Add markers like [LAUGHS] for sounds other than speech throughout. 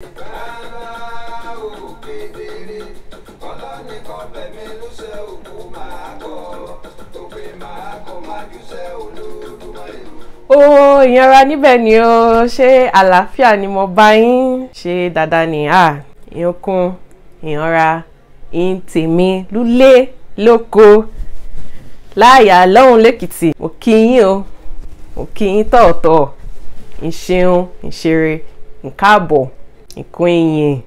ó ìyẹn níbẹ̀ ni o ṣé àlàáfíà ni mo bá yín ṣe dáadáa ni à ìyẹn kún ìyẹn ra ìyẹn tèmi lúlé lóko láàyà lọ́hùn lẹ́kìtì mo kí yín o mo kí yín tọ̀ọ̀tọ̀ ìṣeun ìṣeré nkáàbọ̀. and Queen.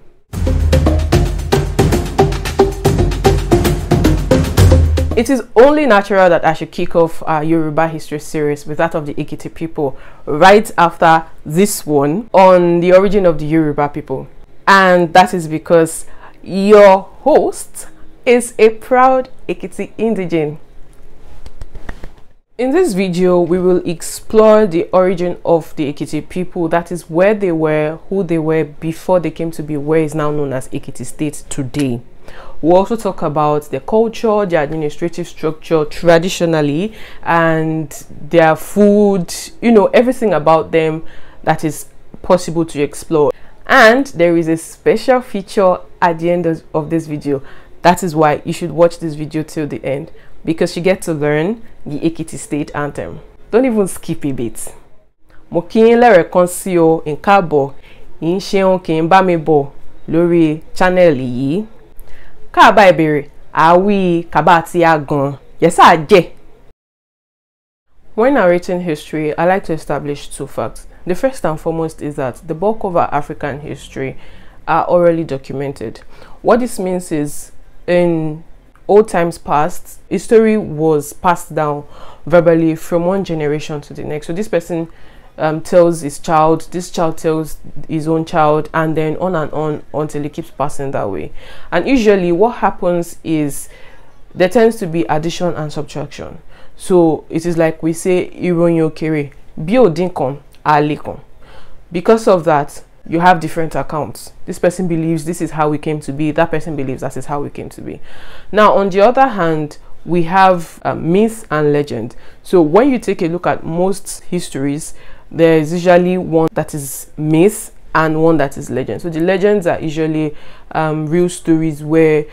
It is only natural that I should kick off our Yoruba history series with that of the Ikiti people right after this one on the origin of the Yoruba people. And that is because your host is a proud Ikiti indigene. In this video, we will explore the origin of the Ekiti people, that is where they were, who they were before they came to be where is now known as Ekiti State today. We'll also talk about their culture, their administrative structure traditionally, and their food, you know, everything about them that is possible to explore. And there is a special feature at the end of, of this video. That is why you should watch this video till the end. because you get to learn the Ekiti State Anthem. Don't even skip a bit. Mo kí yín lẹ́rẹ̀kan sí o, ǹkáàbọ̀, yín ṣeun kí n bá mi bọ̀ lórí chánẹ́ẹ̀lì yìí. Káàbá ìbéèrè, àwí kàbá ti á gan, jẹ́. When narrating history, I like to establish two facts. The first and foremost is that the bulk of our African history are orally documented. What this means is in old times past, history was passed down verbally from one generation to the next. So this person um, tells his child, this child tells his own child, and then on and on until it keeps passing that way. And usually, what happens is there tends to be addition and subtraction. So it is like we say, Ironyo Kere, Biodinkon, Alikon. Because of that, you have different accounts. This person believes this is how we came to be, that person believes that is how we came to be. Now, on the other hand, we have uh, myth and legend. So, when you take a look at most histories, there is usually one that is myth and one that is legend. So, the legends are usually um, real stories where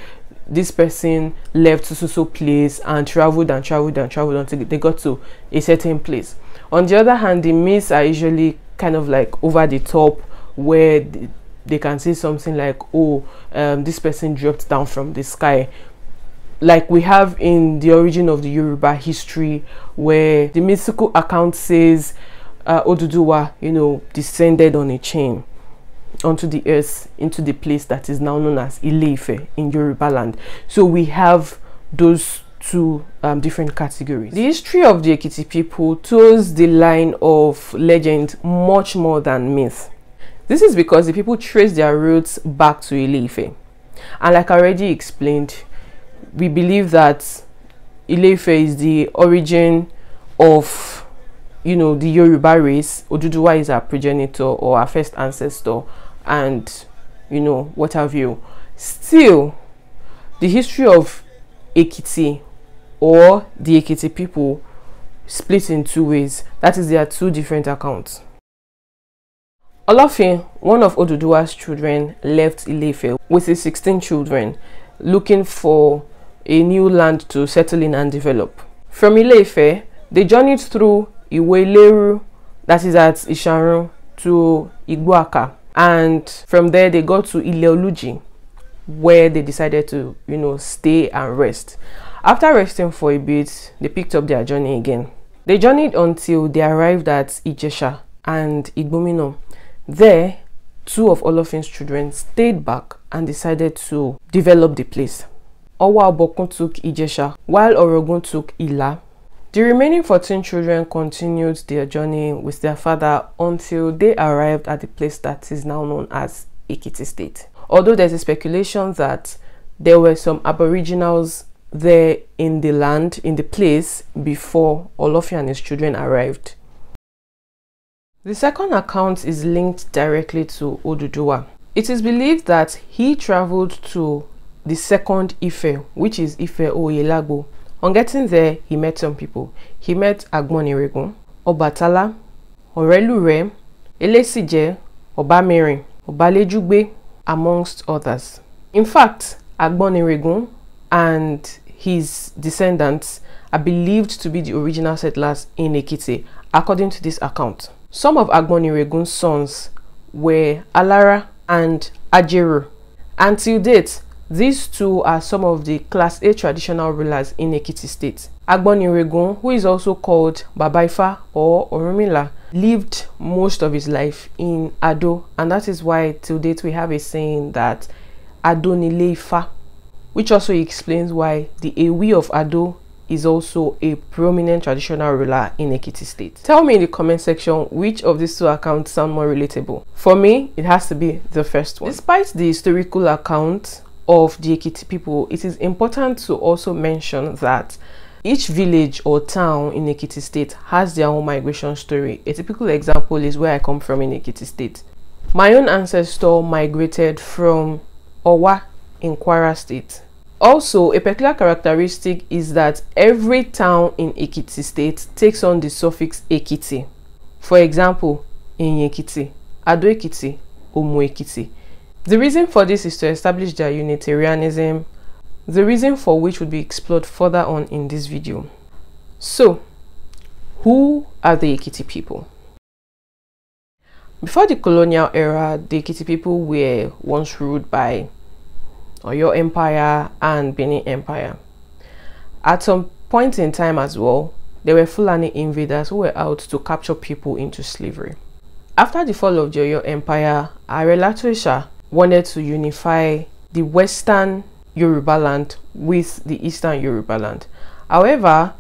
this person left so so place and traveled and traveled and traveled until they got to a certain place. On the other hand, the myths are usually kind of like over the top where th they can say something like oh um, this person dropped down from the sky like we have in the origin of the Yoruba history where the mythical account says uh, Oduduwa you know descended on a chain onto the earth into the place that is now known as Ileife in Yoruba land so we have those two um, different categories. The history of the Ekiti people toes the line of legend much more than myth. This is because the people trace their roots back to Ileife. And like I already explained, we believe that Ileife is the origin of, you know, the Yoruba race. Oduduwa is our progenitor or our first ancestor and, you know, what have you. Still, the history of Ekiti or the Ekiti people split in two ways. That is, there are two different accounts. Olafin, one of Oduduwa's children, left Ilefe with his 16 children, looking for a new land to settle in and develop. From Ilefe, they journeyed through Iweleru, that is at Isharu, to Iguaka. And from there, they got to Ileoluji, where they decided to, you know, stay and rest. After resting for a bit, they picked up their journey again. They journeyed until they arrived at Ijesha and Igbomino. There, two of Olofin's children stayed back and decided to develop the place. Owa Obokun took Ijesha, while Orogun took Ila. The remaining 14 children continued their journey with their father until they arrived at the place that is now known as Ikiti State. Although there's a speculation that there were some aboriginals there in the land, in the place, before Olofin and his children arrived. The second account is linked directly to Oduduwa. It is believed that he traveled to the second Ife, which is Ife Oyelagbo. On getting there, he met some people. He met Agboniregu, Obatala, Orelure, Elesije, Obamiri, Obalejugbe, amongst others. In fact, Agboniregu and his descendants are believed to be the original settlers in Ekiti, according to this account. Some of Agboniregun's sons were Alara and Ajero. Until date, these two are some of the Class A traditional rulers in Ekiti State. Agboniregun, who is also called Babaifa or Orunmila, lived most of his life in Ado, and that is why till date we have a saying that Ado Nile Ifa, which also explains why the Ewi of Ado is also a prominent traditional ruler in Ekiti state. Tell me in the comment section which of these two accounts sound more relatable. For me, it has to be the first one. Despite the historical account of the Ekiti people, it is important to also mention that each village or town in Ekiti state has their own migration story. A typical example is where I come from in Ekiti state. My own ancestor migrated from Owa in Kwara state also, a peculiar characteristic is that every town in Ekiti state takes on the suffix Ekiti. For example, in Inyekiti, Adoekiti, Omuekiti. The reason for this is to establish their Unitarianism, the reason for which would be explored further on in this video. So, who are the Ekiti people? Before the colonial era, the Ekiti people were once ruled by your Empire and Benin Empire. At some point in time as well, there were Fulani invaders who were out to capture people into slavery. After the fall of your Empire, Arela Tusha wanted to unify the western Yoruba land with the eastern Yoruba land. However,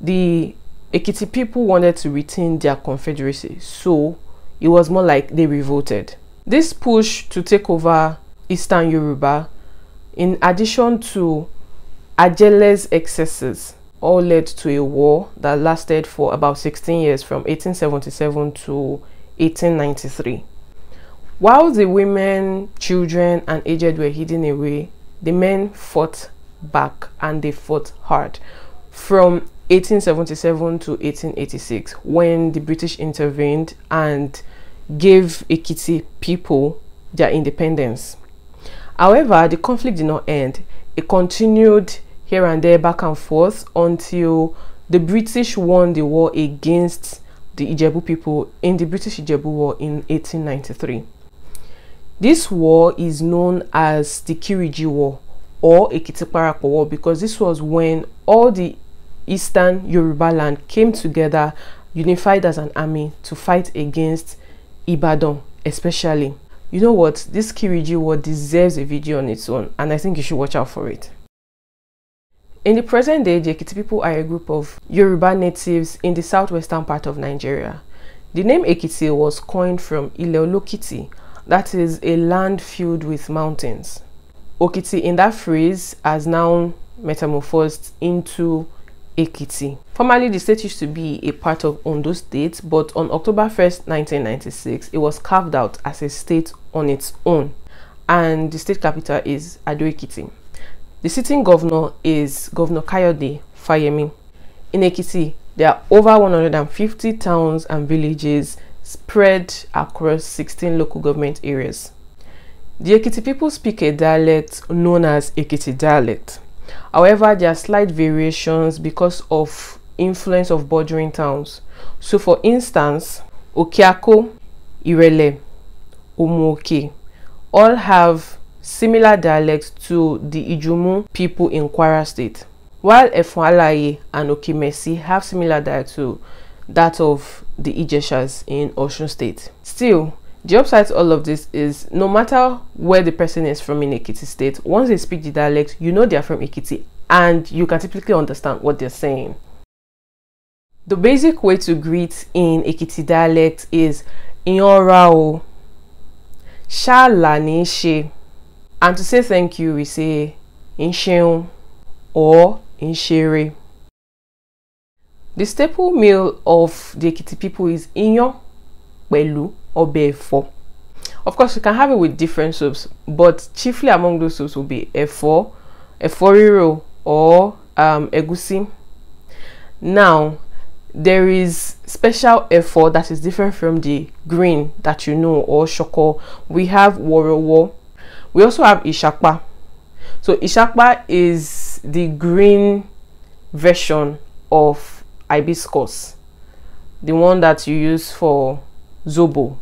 the Ekiti people wanted to retain their confederacy, so it was more like they revolted. This push to take over eastern Yoruba in addition to Ajele's excesses, all led to a war that lasted for about 16 years from 1877 to 1893. While the women, children, and aged were hidden away, the men fought back and they fought hard. From 1877 to 1886, when the British intervened and gave Ekiti people their independence. However, the conflict did not end. It continued here and there, back and forth, until the British won the war against the Ijebu people in the British Ijebu War in 1893. This war is known as the Kiriji War or Ekitiparapa War because this was when all the eastern Yoruba land came together unified as an army to fight against Ibadan especially you know what this kiriji word deserves a video on its own and i think you should watch out for it in the present day the people are a group of yoruba natives in the southwestern part of nigeria the name ekiti was coined from ileolokiti that is a land filled with mountains okiti in that phrase has now metamorphosed into Ekiti. Formerly, the state used to be a part of Ondo State, but on October 1st, 1996, it was carved out as a state on its own, and the state capital is Ado Ekiti. The sitting governor is Governor Kayode Fayemi. In Ekiti, there are over 150 towns and villages spread across 16 local government areas. The Ekiti people speak a dialect known as Ekiti dialect. However, there are slight variations because of influence of bordering towns. So for instance, Okiako, Irele, Umuoke all have similar dialects to the Ijumu people in Kwara State, while Efualaye and Okimesi have similar dialects to that of the Ijeshas in Osun State. Still, the upside to all of this is no matter where the person is from in Ekiti state, once they speak the dialect, you know they're from Ekiti and you can typically understand what they're saying. The basic way to greet in Ekiti dialect is Inyorao, Shalanishi. And to say thank you, we say Insheun or Inshere. The staple meal of the Ekiti people is Inyo, Belu, or before. Of course, you can have it with different soups, but chiefly among those soups will be efo, eforiro, or um, egusi. Now, there is special efo that is different from the green that you know or shoko. We have worowo. We also have ishakpa. So ishakpa is the green version of hibiscus, the one that you use for zobo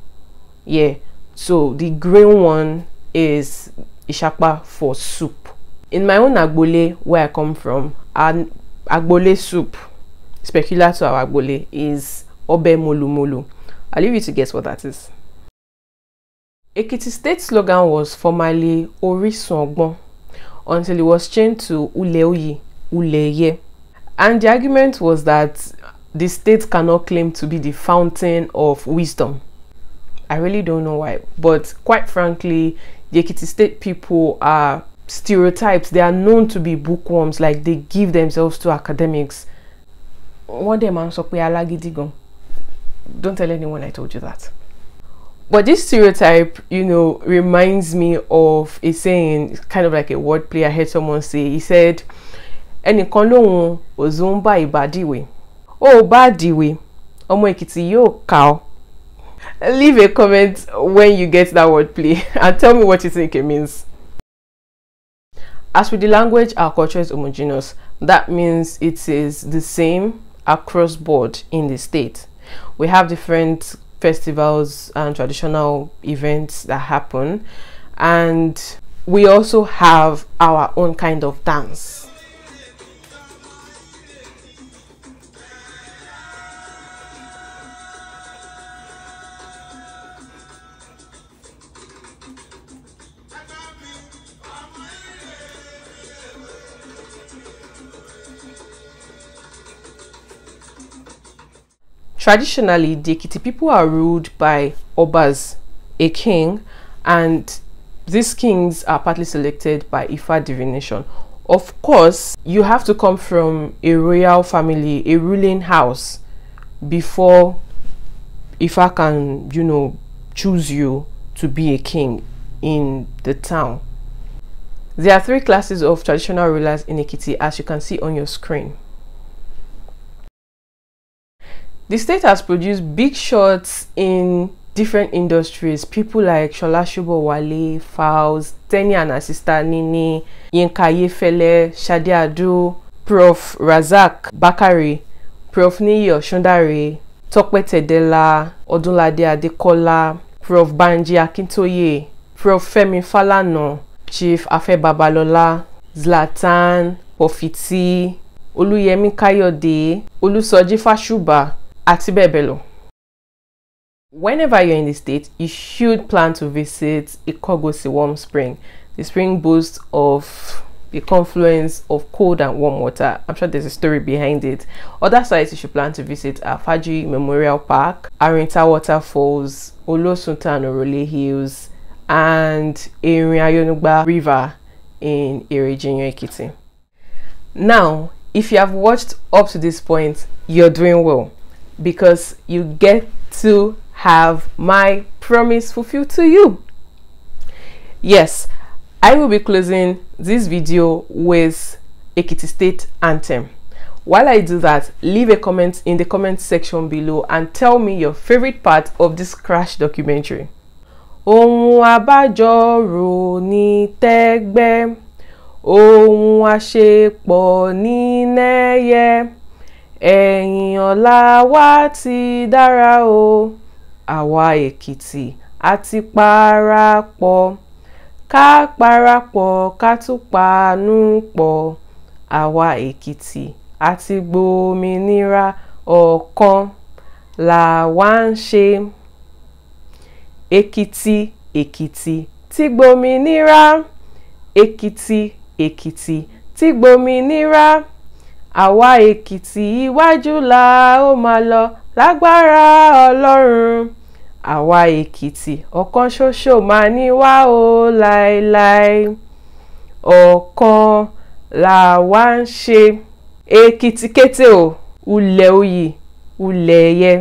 yeah so the green one is ishapa for soup in my own agbole where i come from and agbole soup specular to our agbole is obe molu molu i leave you to guess what that is ekiti state slogan was formerly orisun ogbon until it was changed to ule oyi and the argument was that the state cannot claim to be the fountain of wisdom I really don't know why, but quite frankly, Yekiti State people are stereotypes. They are known to be bookworms, like they give themselves to academics. One day, man, so don't tell anyone I told you that. But this stereotype, you know, reminds me of a saying, kind of like a wordplay I heard someone say. He said, ẹnìkan lòun ò zumba ibadiwe, o ìbàdíwèé ó bá ọmọ èkìtì yo kà Leave a comment when you get that word play [LAUGHS] and tell me what you think it means. As with the language, our culture is homogeneous. That means it is the same across board in the state. We have different festivals and traditional events that happen and we also have our own kind of dance. Traditionally, the Ekiti people are ruled by Obas, a king, and these kings are partly selected by Ifa divination. Of course, you have to come from a royal family, a ruling house, before Ifa can, you know, choose you to be a king in the town. There are three classes of traditional rulers in Ekiti as you can see on your screen. The state has produced big shots in different industries. People like Shola Shubowale, Fowles, Teni and Asista Nini, Yinka Yefele, Shade Adu, Prof Razak Bakari, Prof Niyo Shundare, Tokwe Tedela, Odunlade Adekola, Prof Banji Akintoye, Prof Femi Falano, Chief Afe Babalola, Zlatan, Pofiti, Oluyemi Kayode, Olusoji Fashuba, àti bẹ́ẹ̀ Whenever you're in the state, you should plan to visit Ikogosi Warm Spring, the spring boasts of the confluence of cold and warm water. I'm sure there's a story behind it. Other sites you should plan to visit are Faji Memorial Park, Arinta Waterfalls, and Orole Hills, and Erinayonugba River in Irijinyo Ekiti. Now, if you have watched up to this point, you're doing well because you get to have my promise fulfilled to you. Yes, I will be closing this video with Ekiti State Anthem. While I do that, leave a comment in the comment section below and tell me your favorite part of this crash documentary. Ohun àbájọ ní tẹ́gbẹ́, ohun àṣepọ̀ ní nẹ́yẹ. ẹ̀yìn ọ̀la wa ti dára o àwa èkìtì a ti parapọ̀ ká parapọ̀ ká tún panú pọ̀ àwa èkìtì a ti gbòmìnira ọ̀kan làwa ń ṣe èkìtì èkìtì ti gbòmìnira èkìtì èkìtì ti gbòmìnira àwa èkìtì iwájú la ó máa lọ lágbára ọlọ́run àwa èkìtì ọ̀kan ṣoṣo máa ní wá o láéláé ọ̀kan làwa ń ṣe èkìtì kété o ulẹ̀ oyè ulẹ̀ ẹ̀yẹ.